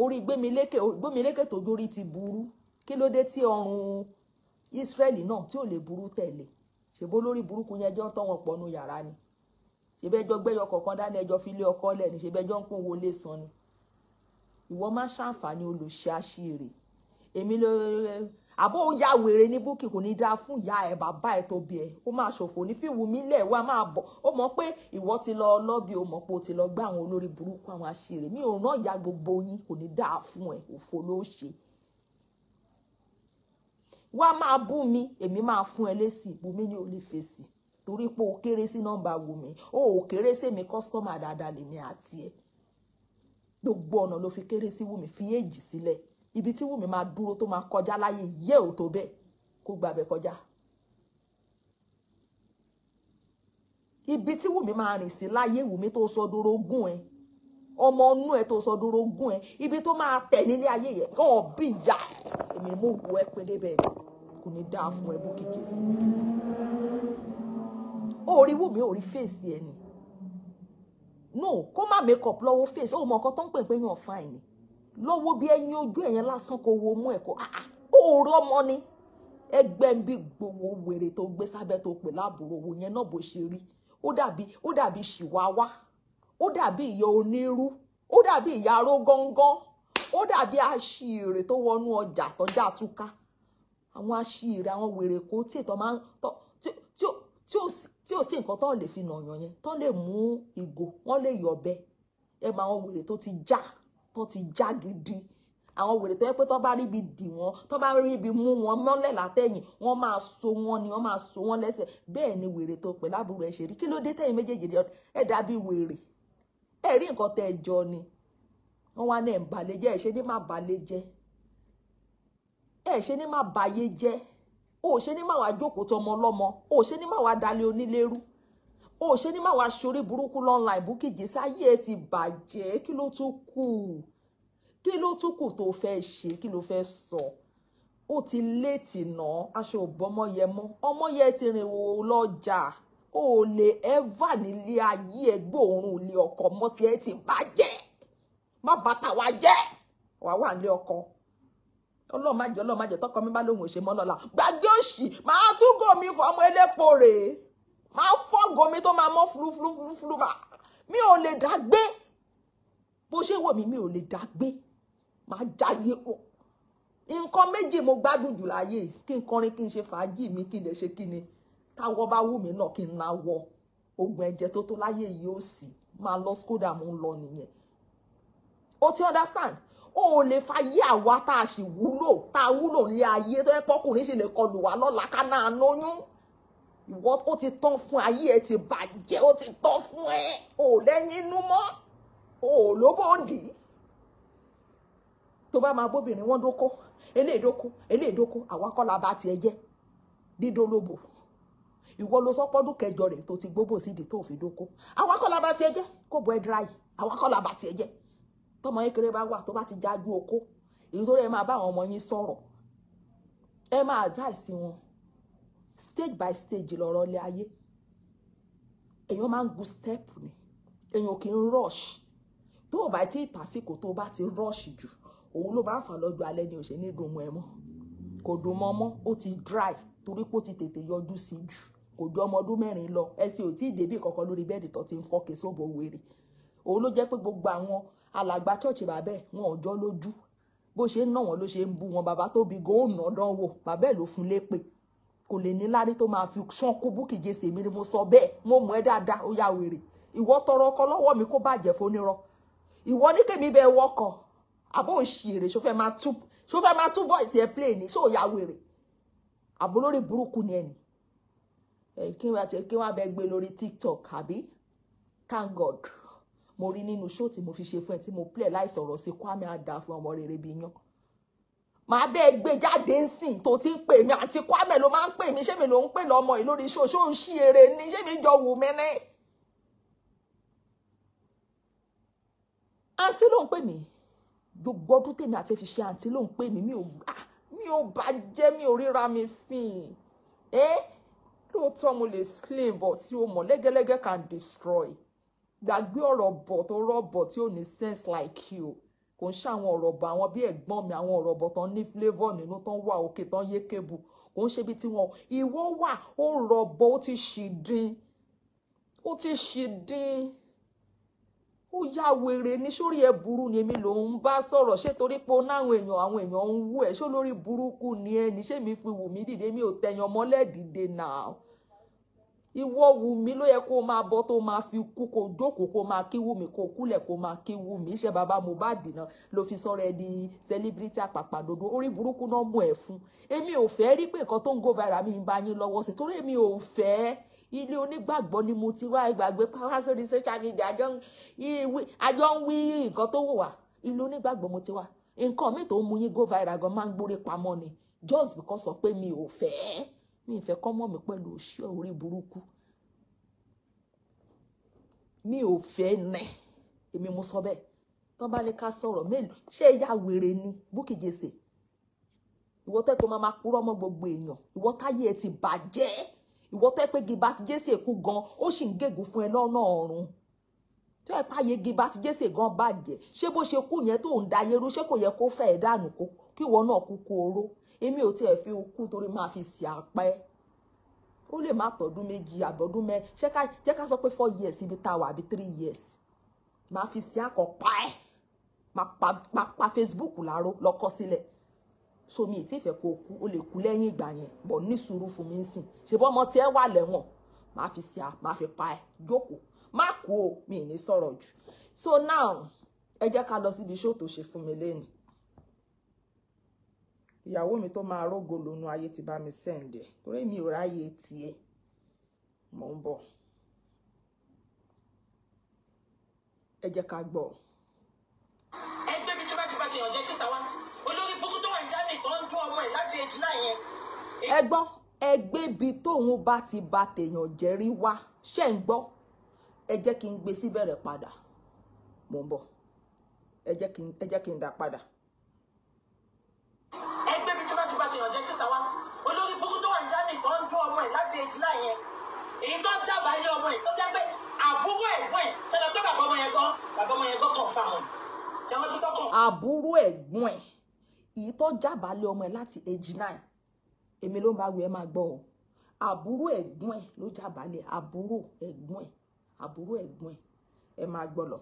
orí gbémilékè gbémilékè tó dórí ti burú kí ló dé tí ọrùn Ísírẹ́lì náà tí ò lè burú tẹ̀lé ṣèbó lórí burúkú yẹn jọ ń tọ́ wọn pọ̀nù yàrá ni ṣèbẹ́jọ́ gbẹ́yọ kọ̀ọ̀kan dání ẹjọ́ fi lé ọkọ lẹ̀ ní ṣèbẹ́jọ́ ń pòwó lé san ni ìwọ má ṣàǹfààní olùṣe èmi ló àbó ya wèrè ní búkì kò ní dáa fún ìyá ẹ bàbá ẹ tó bí ẹ ó máa ṣòfò ní fíìwù mí lẹ̀ wá máa bọ̀ ó mọ̀ pé ìwọ ti lọ lọ́bì ó mọ̀ pé ó ti lọ gbá àwọn olórí burúkú àwọn àṣírí mi ò rán ìyá gbogbo yín kò ní dáa fún ẹ òfò ló ṣe wá máa bú mi èmi máa fún ẹ lésì bú mi ní olè fèsì torí pé o kéré sí nọ́mbà wù mí o ò kéré sí mi kọ́sítọ́mà dáadáa lèmi àti ẹ gbogbo ọ̀nà ló fi kéré sí wù mí fi èjì sílẹ̀ ibi tí Wùmí máa dúró tó máa kọjá láyé yé ò tó bẹ́ẹ̀ kó gbàbẹ̀ kọjá ibi tí Wùmí máa rìn sí láyé Wùmí tó sọ dúró gùn ẹ ọmọ inú ẹ tó sọ dúró gùn ẹ ibi tó máa tẹ̀ nílé ayé yẹ kọ́ ọ bí ìyá èmi mú wọ ẹ pé débẹ̀ kò ní dáa fún ẹ bó kéje sí orí Wùmí orí fèsì ẹ ni no kó má make up lọ́wọ́ face ó mọ nǹkan tó ń pè pé yàn fine lọ́wọ́ bí ẹyin ojú ẹ̀yẹn lásán kò wo mú ẹ̀kọ́ òòrọ̀ ah, ah, ọmọ ni ẹgbẹ́ ń bí gbowó wèrè tó gbé sábẹ́ tó pè láàbùrò òwò yẹn náà bó ṣe rí ó dàbí ó dàbí ṣìwáwá ó dàbí ìyá onírú ó dàbí ìyá aró gángan ó dàbí aṣiire tó wọnú ọjà tọjá àtúká àwọn aṣiire àwọn wèrè kó tí ètò máa ń tọ tí ò sí nǹkan tó lè fi nàyàn yẹn tó lè mú ìgò wọn lè yọ̀bẹ ẹ mọ àwọn wèrè tó ti já tó ti já gidi àwọn wèrè tó yẹ pé tó bá ríbi dì wọ́n tó bá ríbi mú wọn mọ́lẹ̀ látẹ̀yìn wọ́n máa so wọ́n ni wọ́n máa so wọ́n lẹ́sẹ̀ bẹ́ẹ̀ ni wèrè tó pè lábúrò ẹ̀ ṣe rí kí ló dé tẹ̀yìn méjèèjì ẹ̀ dàbí wèrè ẹ̀ rí nǹkan tẹ́ ẹ jọ ni wọ́n wá ní ẹ̀ ń balẹ̀ jẹ́ ẹ̀ ṣe ní má balẹ̀ jẹ́ ẹ̀ ṣe ní má bayé jẹ́ o ṣe ní má wàá jókòó tọmọ ọlọ́mọ o ṣe ní má wàá dalẹ̀ onílérú o ṣe ní máa wá ṣorí burúkú lọ́nla ìbúkìjì sáyé ẹ ti bàjẹ́ kí ló tún kù kí ló tún kù tó fẹ́ ṣe kí ló fẹ́ sọ ó ti léètì ná aṣọ òbọmọyẹmọ ọmọyẹ ti rìn wò lọ́jà o ò lè ẹ́và nílé ayé ẹ gbóòórùn ilé ọkọ mọ́ tiẹ̀ ti bàjẹ́ má bàtà wá jẹ́ wà wà nílé ọkọ ọlọ́ọ̀májọ ọlọ́ọ̀májọ tọkọ mi bá lóhùn òṣèmọ́ lọ́la gbàgbé òṣì máa tún gòmí fọmọ elépo rèé máa fọ́gò mi tó máa mọ́ fúlúfúlúfúlú bá mi ò lè dá gbé bó ṣe wò mí mi ò lè dá gbé máa jáyé pọ̀ nǹkan méjì mo gbádùn jù láyé kí n kọrin kí n ṣe fàájì mi kí n lè ṣe kí ni táwọ bá wù mí náà kí n náà wọ ogun ẹ̀jẹ̀ tó tó láyé yìí ó sì máa lọ skoda mo ń lọ nìyẹn o ti understand o ò lè fàyè àwa tá a sì wúlò tá a wúlò ní ayé tó yẹ pọkùnrin sì lè kọlù wá lọ́la ká náà lóyún ìwọ ó ti tán fún ayé ẹ ti bàjẹ́ ó ti tán fún ẹ ò lẹ́yìn inú mọ́ ò lóbòǹdì tó bá máa bóbìnrin wọn dóko eléèdóko eléèdóko àwa kọ́ la bá tiẹ̀ jẹ́ dídólóbò ìwọ ló sọpọ́dún kẹjọ rẹ̀ tó ti gbóbò sídìí tó fi dóko àwa kọ́ la bá tiẹ̀ jẹ́ kò bọ́ ẹ dra yìí àwa kọ́ la bá tiẹ̀ jẹ́ tọmọ kékeré bá wà tó bá ti jájú oko èyí tó rẹ̀ máa bá àwọn ọmọ yín sọ̀rọ̀ ẹ máa advice wọn stage by stage lọ̀rọ̀ ilé ayé èèyàn máa ń gun step ni èèyàn kì í rush tó o bá ti tàsíkò tó o bá ti rush jù òun ló bá fà lọ́jọ́ alẹ́ ni ò ṣe ní dùn mọ́ ẹ mọ́ kò dùn mọ́ mọ́ ó ti dry torí pé ó ti tètè yọjú sí jù kò ju ọmọ ọdún mẹ́rin lọ ẹsẹ̀ ò tí ì débì kankan lórí bẹ́ẹ̀dì tó ti ń fọ́ kesóbò wèrè òun ló jẹ́ pé gbogbo àwọn alàgbà chọ́ọ̀chì bàbá ẹ̀ wọn ọjọ́ lójú bó ṣe ń ná wọn ló ṣe ń bú wọn bàbá tó bi góònà dánwò bàbá ló fún lépè kò lè ní lárí tó máa fi ṣán kó Bukky Jesse èmi ni mo sọ bẹ́ẹ̀ mo mọ̀ ẹ́ dáadáa ó yá wèrè ìwọ tọrọ ọkọ lọ́wọ́ mi kó bàjẹ́ fónírọ́ ìwọ ní kèmí bẹ́ẹ̀ wọ́kọ̀ àbó òṣìṣẹ́ ṣó fẹ́ máa tú ṣó fẹ́ máa tú voice ẹ̀ play ni ṣó yá wèrè àbó lórí burúkú ni ẹni kí wọ́n ti kí wọ́n abẹ́ lórí TikTok àbí thank God mo rí nínú ṣó tí mo fi ṣe fún ẹ tí mo play láìsọ̀rọ̀ sí Kwame Adá fún ọmọ rere bí yán màá bẹ́ẹ̀ gbé jáde ńsìn tó ti ń pè mí àti Kwame ló máa ń pè mí ṣé mi ló ń pè lọ́mọ yìí lórí ṣoṣo ń ṣí eré ni ṣé mi jọ wù mí ní. àǹtí ló ń pè mí gbogbo ọdún tèmi àti fi ṣe àǹtí ló ń pè mí mi ò gbà mi ò bàjẹ́ mi ò ríra mi fìn ẹ́ lóòótọ́ mo lè slim bọ̀ tí o mọ̀ lẹ́gẹ́lẹ́gẹ́ can destroy gbàgbé ọ̀rọ̀ bọ̀ tó rọ̀ bọ̀ tí ò ní sense like you kò ń ṣe àwọn ọ̀rọ̀ bọ̀ àwọn bí ẹ̀gbọ́n mi àwọn ọ̀rọ̀ bọ̀ tán ní flavour nínú tán wà òkè tán yé kébù kò ń ṣe bí tiwọn ìwọ wà ó rọ̀bọ̀ ó ti ṣì dín ó ti ṣì dín ó ya wèrè ní sórí ẹ burú ni èmi ló ń bá sọ̀rọ̀ ṣé torí pé náwọn èèyàn àwọn èèyàn ń wú ẹ̀ ṣó lórí burúkú ni ẹ ní ṣé mi fi wù mí dìde mi ò tẹ̀yàn mọ́lẹ̀ dìde náà ìwọ Wùmí ló yẹ kó máa bọ́ tó máa fi kú kó jókòó kó máa kí Wùmí kó kúlẹ̀ kó máa kí Wùmí ṣe bàbá Mohbad náà ló fi sọ̀rọ̀ ẹ di celebrity àpàpàdodo orí burúkú náà mú ẹ fún èmi ò fẹ́ rí pé nǹkan tó ń go viral mi ń bá yín lọ́wọ́ sí torí èmi ò fẹ́ ilé onígbàgbọ́ ni mo ti wá ìgbàgbé pàwá sórí social media àjọ ń wí nǹkan tó wù wá ilé onígbàgbọ́ mo ti wá nǹkan mi tó ń mú yín go viral gan máa ń gbórí pamọ́ ni just because of pé mi ò fẹ́ mi ì fẹ́ kọ́ mọ̀ mí pẹ̀lú òṣì orí burúkú mi ò fẹ́ nẹ èmi mo sọ bẹ́ẹ̀ tán bá lè ká sọ̀rọ̀ mélòó ṣé ìyá wèrè ni Bukky Jesse ìwọ tẹ́ pé máa kúrọ́ mọ́ gbogbo èèyàn ìwọ táyé ẹ ti bàjẹ́ ìwọ tẹ́ pé gibas Jesse kú gan ó sì ń gègùn fún ẹ lọ́nà ọ̀run tó ẹ pa yege bá ti jésè gan bàjẹ́ ṣé bó ṣe kú yẹn tó ń da yerú ṣé kò yẹ kó fẹ́ ẹ̀ dànù kó kí ìwọ náà kú kú oró èmi ò tiẹ̀ fi kú torí máa fi sì àpẹ́ ó lè má tọdún méjì àbọ̀dún mẹ́ jẹ́ ká sọ pé four years ibi tá a wà àbí three years máa fi sí àkọ́pá ẹ̀ máa pa Facebook láró lọ́kọ́ sílẹ̀ so mi tí ìfẹ́ kó kú o lè kú lẹ́yìn ìgbà yẹn bọ̀ ní sùúrù fún mi ń sìn ṣe bọ́ ọmọ tí ẹ wà lẹ́wọ̀n máa fi sí máa fi pa ẹ̀ jókòó má kú o mi ní sọ̀rọ̀ jù so now ẹ jẹ́ ká lọ síbi show tó ṣe fún mi lẹ́nu ìyàwó mi tó máa rógo lónú ayé ti bá mi sẹ́ǹdẹ̀ torí mi ò ráyè tiẹ̀ mò ń bọ̀ ẹ jẹ́ ká gbọ́. ẹgbẹ́ mi tí wọ́n ti bá kìyàn jẹ́ síta wá olórí burúkú tó wà ní jáde kan ń dún ọmọ ẹ̀ láti èjì láàyè. ẹ gbọ́ ẹgbẹ́ ibi tóun bá ti bà tèèyàn jẹ́ wá ṣé ń gbọ́ ẹ jẹ́ kí n gbé síbẹ̀rẹ̀ padà mò ń bọ̀ ẹ jẹ́ kí n dá padà. ẹgbẹ́ mi tí wọ́n ti bá mi ọ̀jẹ́ síta wá olórí burúkú tó wà ní jáde kan dún ọmọ ẹ̀ láti èjì láì yẹn èyí tó dábàá ilé ọmọ ẹ̀ tó jẹ́ pé àbúrò ẹ̀gbọ́n ẹ̀ sọ̀rọ̀ pé bàbá ọmọ yẹn gan bàbá ọmọ yẹn gan kàn fà mọ́ àbúrò ẹ̀gbọ́n ẹ̀ èyí tó jábàá lé ọmọ ẹ̀ láti age nine èmi ló ń bá wí ẹ máa gbọ́ ọ àbúrò ẹ̀gbọ́n ẹ̀ ló jábàá lé àbúrò ẹ̀gbọ́n ẹ̀ àbúrò ẹ̀gbọ́n ẹ̀ ẹ máa gbọ́ lọ.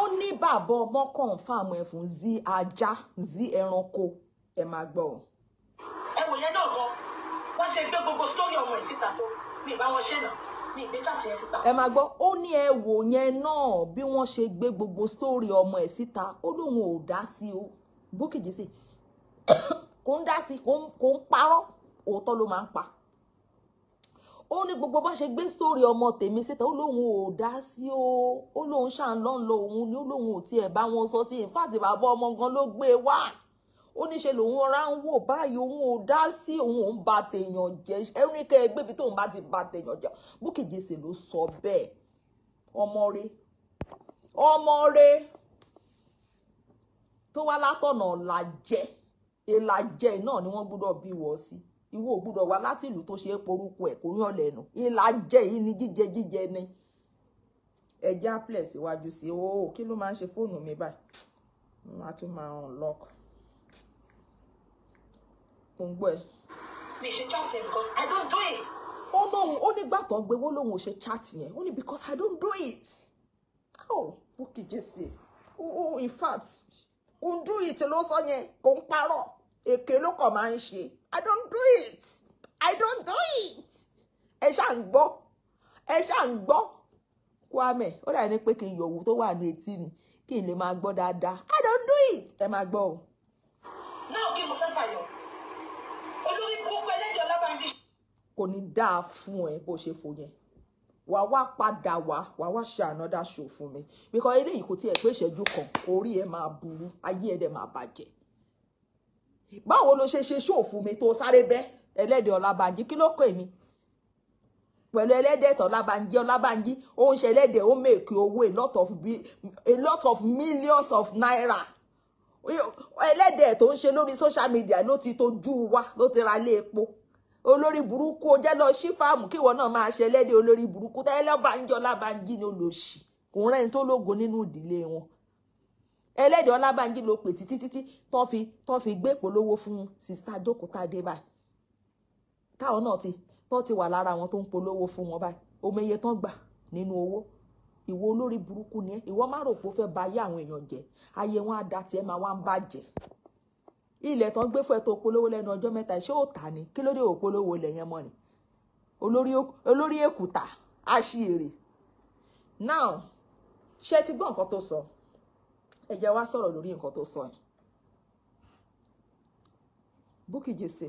ó ní bàbá ọmọ kan fáàmù ẹ̀ fún zí ajá zí ẹranko ẹ máa gbọ́ ọ. ẹ wò yẹn náà gan wọn ṣe gbé gbogbo sítórì ọmọ ẹ síta tó mi bá wọn ṣe náà ẹ máa gbọ́ ó ní ẹ wò yẹn náà bí wọ́n ṣe gbé gbogbo sórí ọmọ ẹ̀ síta ó lóun ò dá sí o Bukky Jesse kò ń dá sí kò ń parọ́ òótọ́ ló máa ń pa ó ní gbogbo bá ṣe gbé sórí ọmọ tèmi síta ó lóun ò dá sí o ó lóun ṣàn lọ́n lo òun ni ó lóun ò tiẹ̀ bá wọn sọ sí ìfáàtì bàbá ọmọ gan ló gbé wá ó ní ṣe lòun ọ̀rá ń wò báyìí òun ò dá sí òun òun ba tèèyàn jẹ́ ẹni kẹ́ ẹ gbébi tóun bá ti ba tèèyàn jẹ́ Bukky Jesse ló sọ bẹ́ẹ̀ ọmọ rẹ ọmọ rẹ tó wá látọ̀nà làjẹ́ èlàjẹ́ náà ni wọ́n gbọ́dọ̀ bí wọ́ sí. Si ìwọ ò gbúdọ̀ wá láti ìlú tó ṣe é porúkọ ẹ̀ kó yàn lẹ́nu ìlà ni jíjẹ jíjẹ ni ẹjẹ́ àpilẹ̀ síwájú sí o kí ló máa ń mi báyìí wọ́n á tún máa hàn mi ṣe chat because I don't do it. ó lóun ó nígbà tó ń gbé wó lóun ò ṣe chat yẹn ó ní because I don't do it. ó Bukky Jesse Oh, in fact kò do it Lo sọ yẹn kò ń parọ́ èké ló kàn máa ń ṣe. I don't do it I don't do it ẹ ṣáà ń gbọ́ ẹ ṣáà ń gbọ́ Kwame ó dàbí ní pé kí n yòówù tó wà ní etí mi kí n lè máa gbọ́ dáadáa I don't do it ẹ máa gbọ́ o. náà kí mo fẹ́ fàyọ̀ olórí gbogbo ẹlẹ́jọ́ lábàájí. kò ní dáa fún ẹ bó ṣe fò yẹn wàá wá padà wá wàá wá ṣe another show mi because eléyìí kò tiẹ̀ pé ìṣẹ́jú kan orí ẹ máa burú ayé ẹ dẹ̀ máa bàjẹ́ báwo ló ṣe ṣe ṣòfò mi tó sáré bẹ́ ẹlẹ́dẹ̀ ọlábànjí kí ló kọ èmi pẹ̀lú ẹlẹ́dẹ̀ tó ọlábànjí ọlábànjí ó ń ṣe ẹlẹ́dẹ̀ ó mèkì owó a lot of a lot of millions of naira ẹlẹ́dẹ̀ tó ń ṣe lórí social media ló ti tójú wa ló ti ra lé epo olórí burúkú o jẹ́ lọ sí fáàmù kíwọ náà máa ṣe ẹlẹ́dẹ̀ olórí burúkú tẹ́lẹ̀ ọlábànjí ọlábànjí ni olóṣì kò rẹ́ni tó lógo nínú ìdílé wọn ẹlẹ́dẹ̀ ọlábànjí ló pè títí títí tó fi tó fi gbé polówó fún sista jókòtà dé báyìí táwọn náà ti tó ti wà lára àwọn tó ń polówó fún wọn báyìí omeye tán gbà nínú owó ìwọ olórí burúkú ni ẹ ìwọ má rò pé ó fẹ́ ba ayé àwọn èèyàn jẹ́ ayé wọn á da tiẹ̀ máa wá ń bàjẹ́ ilẹ̀ tán gbé fún ẹ tó polówó lẹ́nu ọjọ́ mẹ́ta ṣé ò tà ní kí ló dé ò polówó ilẹ̀ mọ́ ni olórí èkúta àṣìírí now ṣé ti gbọ́ nǹkan tó sọ. So ẹ jẹ́ wá sọ̀rọ̀ lórí nǹkan tó sọ yẹn Bukky Jesse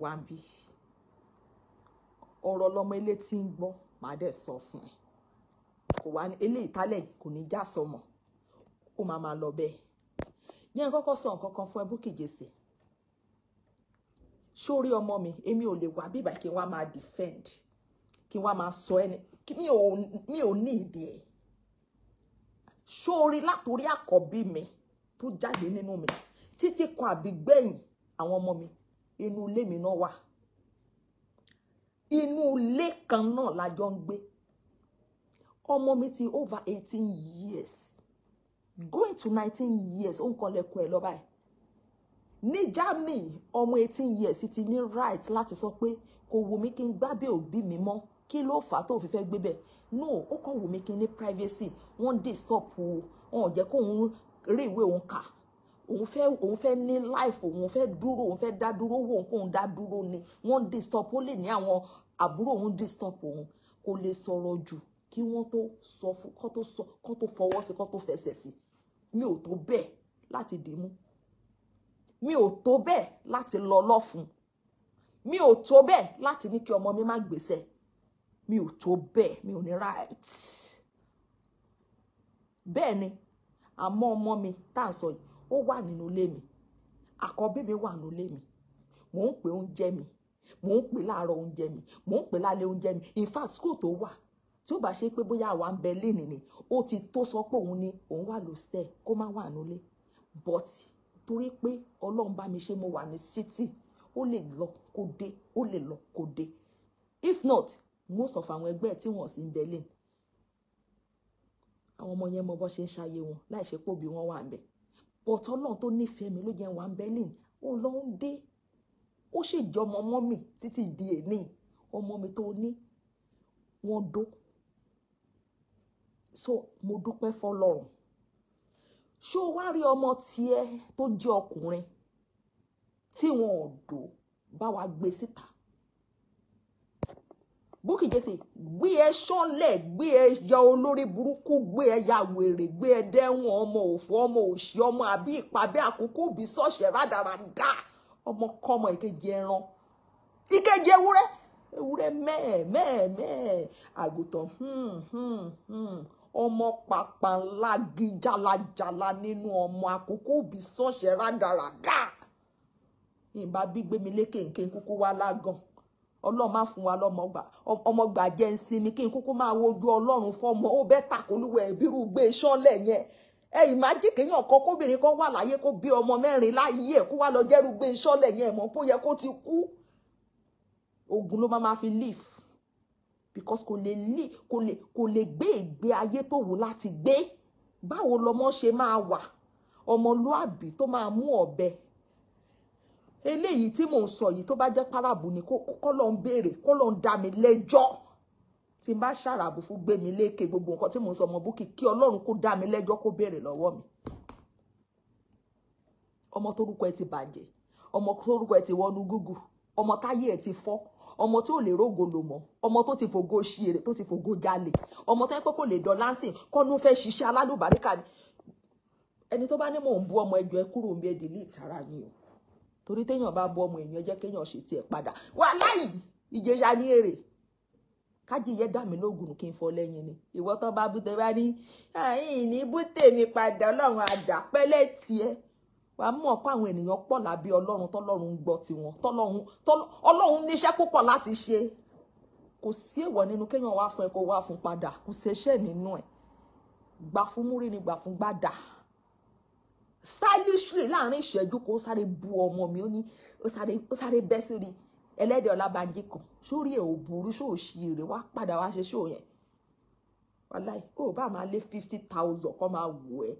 wà bí ọ̀rọ̀ lọmọ ilé tí ń gbọ́ màá dẹ̀ sọ fún ẹ kò wá ní eléyìí tálẹ̀ kò ní já sọmọ ó máa máa lọ bẹ́ẹ̀ yẹn kọ́kọ́ sọ nǹkan kan fún ẹ Bukky Jesse sórí ọmọ mi èmi ò lè wá bíbà kí n wá máa defend kí n wá máa sọ ẹni mi ò ní ìdí ẹ̀ ṣóorí látòrí àkọ́bí mi tó jáde nínú mi títí kọ àbí gbẹ̀yìn àwọn ọmọ mi inú ilé mi náà wà inú ilé kan náà la jọ ń gbé ọmọ mi ti over eighteen years going to nineteen years ó ń kan lẹ́kọ̀ọ́ ẹ̀ lọ báyìí ní Germany ọmọ eighteen years ti ní right láti sọ pé kò wù mí kí n gbábẹ́ òbí mi mọ́ kí ló fà á tó fi fẹ́ gbé bẹ̀ no ó kàn wù mí kí n ní privacy wọ́n dé stop o wọn ò jẹ́ kó òun rí ìwé òun kà òun fẹ́ òun fẹ́ ní life òun fẹ́ dúró òun fẹ́ dá dúró wò òun kó òun dá dúró ni wọ́n dé stop ó lè ní àwọn àbúrò òun dé stop òun kò lè sọ̀rọ̀ jù kí wọ́n tó sọ fún kọ́ tó sọ kọ́ tó fọwọ́ sí kọ́ tó fẹsẹ̀ sí mi ò tó bẹ́ẹ̀ láti dìímú mi ò tó bẹ́ẹ̀ láti lọ lọ́fun mi ò tó bẹ́ẹ̀ láti ní kí ọmọ mi má gbèsè mi ò tó bẹ́ẹ̀ mi ò ní right bẹ́ẹ̀ ni àmọ́ ọmọ mi tá à ń sọ yìí ó wà nínú ilé mi àkọ́bí mi wà nínú ilé mi mò ń pè oúnjẹ mi mò ń pè láàárọ̀ oúnjẹ mi mò ń pè lálẹ́ oúnjẹ mi in fact school tó wà tí ó bá ṣe pé bóyá àwa ń bẹ léènì ni ó ti tó sọ pé òun ni òun wà lóṣẹ kó má wà nulẹ but torí pé ọlọ́run bá mi ṣe mo wà ní city ó lè lọ kó dé ó lè lọ kó dé if not most of àwọn ẹgbẹ́ tí wọ́n sì ń Berlin àwọn ọmọ yẹn mọ bó ṣe ń ṣayé wọn láì ṣe pé òbí wọn wà ń bẹ̀ bọ̀tọ́ náà tó nífẹ̀ẹ́ mi ló jẹ́ wà ń Berlin ó lọ ń dé ó sì jọ ọmọ ọmọ mi títí di èní ọmọ mi tó ní wọ́n dó so mo dúpẹ́ fọlọ́run ṣó o wá rí ọmọ tiẹ̀ tó jẹ́ ọkùnrin tí wọn ò dó bá wa gbé síta Bukky Jease gbé ẹ ṣánlẹ̀ gbé ẹ ya olórí burúkú gbé ẹ ya wèrè gbé ẹ dẹ́wọ̀n ọmọ òfò ọmọ òṣì ọmọ àbí ìpàbẹ́ àkókò òbí sọ̀ṣẹ̀ rádaràdà ọmọ kọmọ me me ìkejì ewúrẹ́ ewúrẹ́ mẹ́ẹ̀ mẹ́ẹ̀ mẹ́ẹ̀ àgùntàn hmm, hmm, hmm. ọmọ jala ńlá gíjàlájàlá nínú ọmọ àkókò òbí sọ̀ṣẹ̀ rádaràdà ìbá bí gbémi lékè nké kúkú wá lágàn ọlọ́run má fún wa lọ́mọ gbà ọmọ gbà jẹ́ ń sinmi kí n kúkú máa wojú ọlọ́run fọmọ ó bẹ́ tàkólúwẹ̀ ìbírú gbé sánlẹ̀ yẹn ẹ ìmájì kéèyàn kan kóbìnrin kan wà láyé kó bí ọmọ mẹ́rin láyé ẹ̀ kó wá lọ jẹ́rú gbé sánlẹ̀ yẹn mọ́ kó yẹ kó ti kú ogun ló má má fi live because kò lè lè kò lè kò lè gbé ìgbé ayé tó wù láti gbé báwo lọmọ ṣe máa wà ọmọlúàbí tó máa mú ọ̀bẹ eléyìí tí mò ń sọ yìí tó bá jẹ́ parabu ni kọ́ ló ń béèrè kọ́ ló ń dá mi lẹ́jọ́ tí n bá ṣàràbù fún gbé mi lékè gbogbo nǹkan tí mò ń sọ ọmọ Bukky kí Ọlọ́run kó dá mi lẹ́jọ́ kó béèrè lọ́wọ́ mi ọmọ tórúkọ ẹ ti bàjẹ́ ọmọ tórúkọ ẹ ti wọnú gúgù ọmọ táyé ẹ ti fọ́ ọmọ tó lè rógo lò mọ ọmọ tó ti fògo ṣièrè tó ti fògo jalè ọmọ tó yẹ pé kò lè dán láǹsìn kọ́nú fẹ́ ṣiṣẹ́ alálùbáríkà ẹni tó bá ní mò ń bú ọmọ ẹjọ́ kúrò ń bí ẹ delete ara yín o torí téèyàn bá bu ọmọ èèyàn jẹ́ kéèyàn ṣe tiẹ̀ padà wà láì ìjẹsà ní èrè kájíyẹ dà mí lóògùn kí n fọ lẹ́yìn ni ìwọ tó bá bú tẹ́lá ní ẹ̀yìn ní bú tèmi padà ọlọ́run àdá pẹ́lẹ́ tiẹ̀ wàá mọ̀ pé àwọn ènìyàn pọ̀ lábẹ́ ọlọ́run tọ́lọ́run ń gbọ́ tiwọn tọ́lọ́run ọlọ́run níṣẹ́ púpọ̀ láti ṣe kò sí èèwọ̀ nínú kéèyàn wá fún ẹ kó wá fún padà kò ṣeṣẹ́ nínú ẹ̀ gbà fún múrí ni gbà fún gbàdà stylishly láàrin ìṣẹ́jú kó sáré bu ọmọ mi ó ní ó sáré bẹ́ sírí ẹlẹ́dẹ̀ ọlábànjí kan sórí ẹ̀ ò burú ṣó ṣì rè wá padà wá ṣe ṣó yẹn wàláì ó bá máa lé fifty thousand kọ́ máa wù ẹ́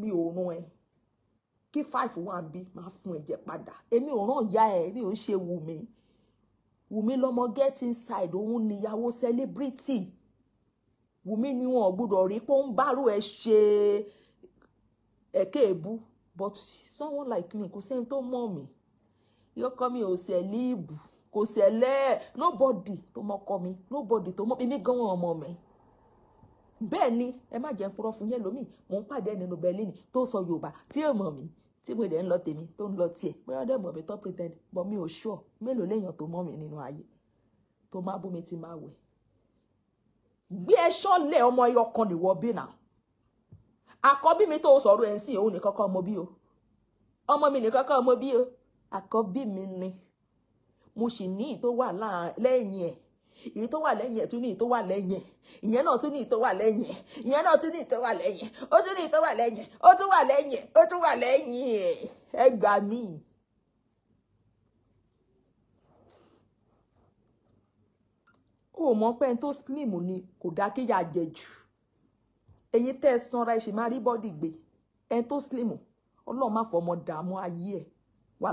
mi ò rún ẹ kí five one bí máa fún ẹ jẹ padà èmi ò rán ìyá ẹ mi ò ń ṣe wù mí wùmí lọmọ get inside òun níyàwó celebrity wùmí ni wọn ò gbúdọ̀ rí pé ó ń bárò ẹ ṣe ẹ̀kẹ́ èbú but someone like me kò sẹ́ni tó mọ̀ mí ìyọkọ mi ò ṣẹ̀ líìbù kò ṣẹlẹ̀ nobody tó mọ́kọ mi nobody tó mọ́ mi gan wọn ọmọ mi bẹ́ẹ̀ ni ẹ má jẹ́ ń purọ́ fún yẹn lómi mò ń pàdé nínú Berlin tó sọ Yorùbá tí èèmọ̀ mi tí mo dẹ̀ ń lọ tèmi tó ń lọ tiẹ̀ bóyá ọdẹ mọ̀ mi tó pretend but mi ò sure mélòó léèyàn tó mọ̀ mi nínú ayé tó má bú mi ti má wẹ̀ gbé ẹṣọ́ lẹ̀ ọmọ ẹyọ kan lè wọ bí náà àkọ́bí mi tó sọ̀rọ̀ ẹ̀ ń sìn òun nìkan kọ́ ọmọ bí o ọmọ mi nìkan kọ́ ọmọ bí o àkọ́bí mi ni mo sì ní ìyí tó wà lẹ́yìn ẹ̀ èyí tó wà lẹ́yìn ẹ̀ tún ní ìyí tó wà lẹ́yìn ẹ̀ ìyẹn náà tún ní ìyí tó wà lẹ́yìn ẹ̀ ìyẹn náà tún ní ìyí tó wà lẹ́yìn ẹ̀ ó tún ní ìyí tó wà lẹ́yìn ó tún wà lẹ́yìn ó tún wà lẹ́yìn ẹ gbà mí. ó mọ pé tó slim ni kò dá kéèyàn jẹ jù ẹ̀yin tẹ́ ẹ sanra ẹ sì máa Body bọ́dì gbé ẹni tó slim ọlọ́run má fọmọ dààmú ayé ẹ̀ wà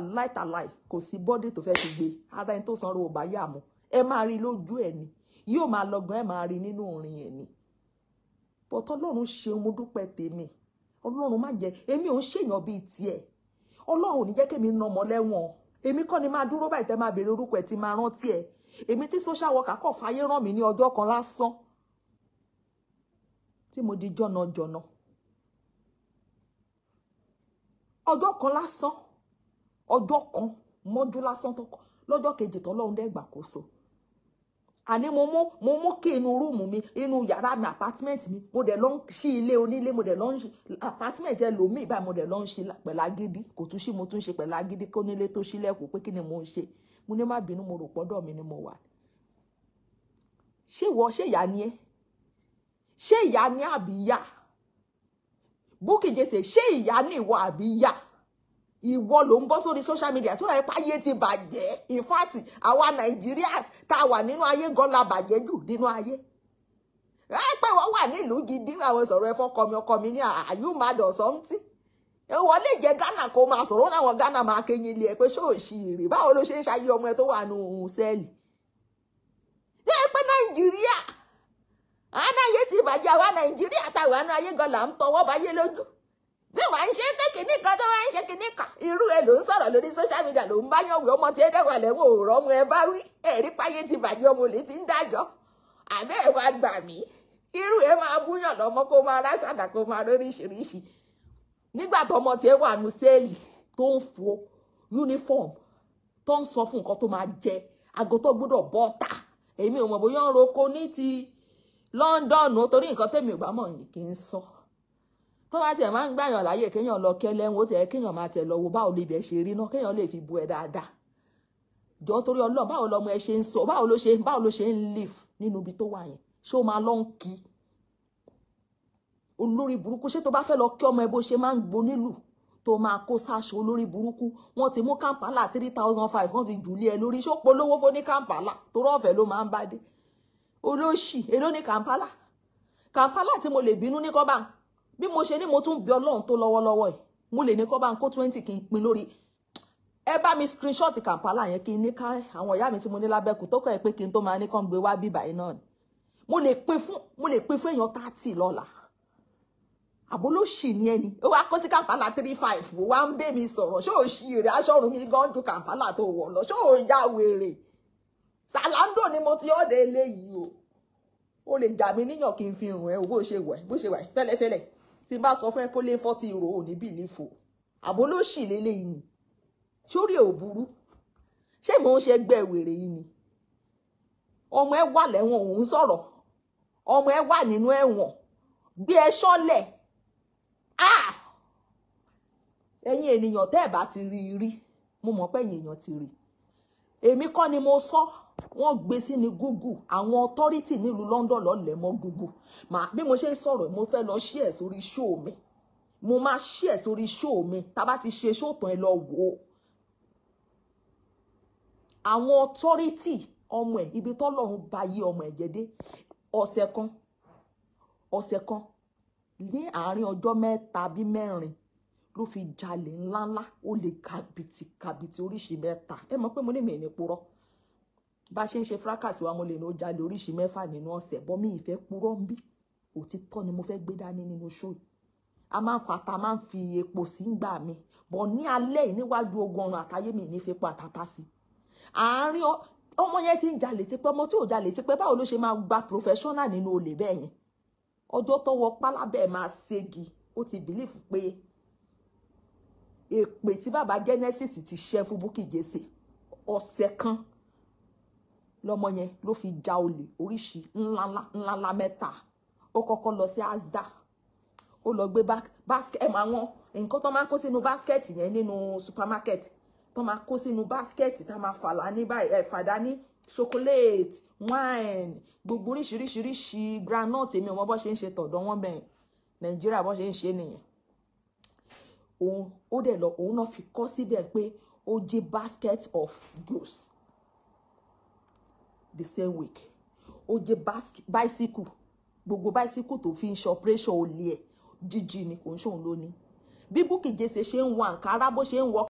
light. kò sí bọ́dì tó fẹ́ fi gbé ara ẹni tó sanra ò bá yà mọ́ ẹ máa rí lójú ẹ̀ ni yóò máa lọ́gàn ẹ máa rí nínú orin ẹ̀ ni bọ́tọ́ ọlọ́run ṣeun mo dúpẹ́ tèmi ọlọ́run má jẹ́ èmi ò ń ṣèyàn bíi tiẹ̀ ọlọ́run ò ní jẹ́ kémi nà mọ́ lẹ́wọ̀n èmi kọ́ ni duro dúró báyìí ma máa béèrè orúkọ ẹ̀ ma máa rántí ẹ̀ èmi tí social worker kọ̀ fáyé ràn mí ní ọjọ́ kan lásán tí mo di jọ̀nàjọ̀nà ọjọ́ kan lásán ọjọ́ kan mọ́jú lásán tọkọ lọ́jọ́ kejì tọ́lọ́run dẹ́gbà kó so àní mo mú mo mú kí inú rúùmù mi inú yàrá mi apartment mi mo dẹ̀ lọ ń ṣí ilé onílé mo dẹ̀ lọ ń ṣí apartment ẹlòmíì báyìí mo dẹ̀ lọ ń ṣí pẹ̀lú agídí kò tún ṣí mo tún ṣe pẹ̀lú agídí kó nílé tó ṣílẹ̀kùn pé kí ni mo ń ṣe mo ní má bínú mo rò pọ́dọ̀ mi ni mo wà ṣé ìwọ ṣé ìyá ni ẹ́ ṣé ìyá ní àbí yá Bukky Jesse ṣé ìyá ní ìwọ àbí yá ìwọ ló ń bọ́ sórí social media tó láyé páyé ti bàjẹ́ in fact àwa Nigerians tá a wà nínú ayé gan la bàjẹ́ jù nínú ayé pé wọ́n wà nílùú gidi àwọn sọ̀rọ̀ ẹ̀fọ́ kọmi ọkọ mi ní are you mad or something wọ́n lè jẹ́ Ghana kó máa sọ̀rọ̀ láwọn Ghana máa kéyìn ilé ẹ̀ pé ṣó òṣìírí báwo ló ṣe ń ṣayé ọmọ ẹ tó wà nù sẹ́ẹ̀lì ṣé pé Nàìjíríà anáyé ti bàjẹ́ àwa nàìjíríà táwa náà ayé gan là ń tọwọ́ báyé lójú tí wàá ń ṣe ń kéèkì nìkan tó wá ń ṣe kìíní kan irú ẹ ló ń sọ̀rọ̀ lórí social media ló ń bá yànwé ọmọ tí ẹ dẹ́wà lẹ́wọ̀n òòrọ̀ ọmọ ẹ bá wí ẹ̀rí páyé ti bàjẹ́ ọmọ òlé ti ń dájọ́ àbẹ́ ẹ̀ wá gbà mí irú ẹ máa búyàn lọ́mọ kó máa ráṣàdà kó máa lóríṣiríṣi nígbà tọmọ tí ẹ wà nù sẹ́ẹ̀lì tó ń fo uniform tó ń sọ fún nǹkan tó máa jẹ àgọ́ tó gbọ́dọ̀ bọ́ta èmi ò mọ̀ bóyá ń roko ní ti London torí nǹkan tèmi ò bá mọ̀ ní kí n sọ tó bá tiẹ̀ máa ń gbàyàn láyè kéèyàn lọ kẹ́lẹ́ ń wo tiẹ̀ kéèyàn máa tiẹ̀ lọ wo báwo lè bẹ̀ ṣe rí náà kéèyàn lè fi bu ẹ dáadáa jọ torí ọlọ́run báwo lọmọ ẹ ṣe ń sọ báwo ló ṣe báwo ló ṣe ń live nínú ibi tó wà yẹn ṣé o máa lọ ń kí olórí burúkú ṣé tó bá fẹ́ lọ kí ọmọ ẹ bó ṣe máa ń gbonílù tó máa kó sáṣọ olórí burúkú wọ́n ti mú kàǹpálà three thousand five wọ́n ti jùlé ẹ lórí ṣó polówó fún ní kàǹpálà torọ́ ló máa ń bá dé olóṣì èrò ní Kampala Kampala tí mo lè bínú ní kọ́bà bí mo ṣe ní mo tún bí ọlọ́run tó lọ́wọ́lọ́wọ́ ẹ̀ mo lè ní kọ́bà kó twenty kí n pin lórí ẹ bá mi screenshot Kampala yẹn kí n ní ká àwọn ìyá mi tí mo ní lábẹ́kù tó kọ́ ẹ pé kí n tó máa ní kàn gbé wá bíbà yìí náà ni mo lè pin fún mo lè pin fún èèyàn thirty lọ́la àbólóṣì ni ẹni ó wá kó sí Kampala three five wá ń bẹ́ mi sọ̀rọ̀ ṣó o rẹ̀ aṣọ́run mi gan ju Kampala tó wọ̀ lọ ṣó o wèrè ṣàlándò ni mo ti ọ̀dẹ̀ eléyìí o o lè jà mí níyàn kí n fi hàn ẹ́ o bó ṣe wà bó ṣe wà fẹ́lẹ́fẹ́lẹ́ tí n bá sọ fún ẹ kó lé fọ́tì rò ò ní bìlífò àbó ló ni sórí ò burú ṣé mò ń ṣe gbẹ wèrè yìí ni ọmọ ẹ wà lẹ́wọ̀n òun sọ̀rọ̀ ọmọ ẹ wà nínú ẹ̀wọ̀n gbé ẹ ṣọ́lẹ̀ ah! ẹ̀yin ènìyàn tẹ́ ẹ̀ bá ti rí i rí mo mọ̀ pé ẹ̀yin èèyàn ti rí i èmi kọ́ ni mo sọ wọ́n gbé sí ní Google àwọn authority nílùú London lọ́lẹ̀ mọ́ Google mà bí mo ṣe ń sọ̀rọ̀ mo fẹ́ lọ share sórí show mi mo máa share sórí show mi tá bá ti ṣe show tán ẹ lọ wò ó àwọn authority ọmọ ẹ̀ ibi tọ́lọ́run bá yí ọmọ ẹ̀ jẹ́dé ọ̀sẹ̀ kan ọ̀sẹ̀ kan ní àárín ọjọ́ mẹ́ta bí mẹ́rin ló fi jalè ńláńlá ó lè kàbìtì kàbìtì oríṣi mẹ́ta ẹ mọ̀ pé mo ní mẹ́rin purọ́ bá ṣe ń ṣe fracas wa mo lè ní ó jalè oríṣi mẹ́fà nínú ọ̀sẹ̀ bọ́ mi ìfẹ́ purọ́ ń bí òtítọ́ ni mo fẹ́ gbé dání nínú ṣó a máa ń fata máa ń fi epo sí ń gbà mí bọ̀ ní alẹ́ yìí níwájú ogun ọ̀run àtayé mi ní fipá tata sí àárín ọmọ yẹn ti ń jalè tipẹ́ ọmọ tí ò jalè tipẹ́ báwo ló ṣe máa gba professional nínú olè bẹ́ẹ̀ yẹn ọjọ́ tọwọ́ pálábẹ́ẹ̀ máa ségi ó ti bìlífù pé èpè tí bàbá Genesis ti ṣẹ́ fún Bukky Jesse ọ̀sẹ̀ kan lọmọ yẹn ló fi ja olè oríṣi ńláńlá ńláńlá mẹ́ta ó kọ́kọ́ lọ sí asda ó lọ gbé basket ẹ̀ máa wọ́n nǹkan tó máa kó sínú basket yẹn nínú supermarket tó máa kó sínú basket tá máa fàlà ní báyìí ẹ̀ fàdá ní chocolate wine gbogbo oríṣiríṣiríṣi groundnut èmi ò mọ bó ṣe ń ṣe tọ̀dọ̀ wọn bẹ́ẹ̀ nàìjíríà bó ṣe ń ṣe nìyẹn òun ó dẹ̀ lọ òun náà fi kọ́ síbẹ̀ pé ó jí basket of goods the same week ó jí bicycle gbogbo bicycle tó fi ń ṣe operation olè ẹ̀ jíjí ni kò ń ṣòun lónìí bí Bukky Jesse ṣe ń wọ àǹkárá bó ṣe ń wọ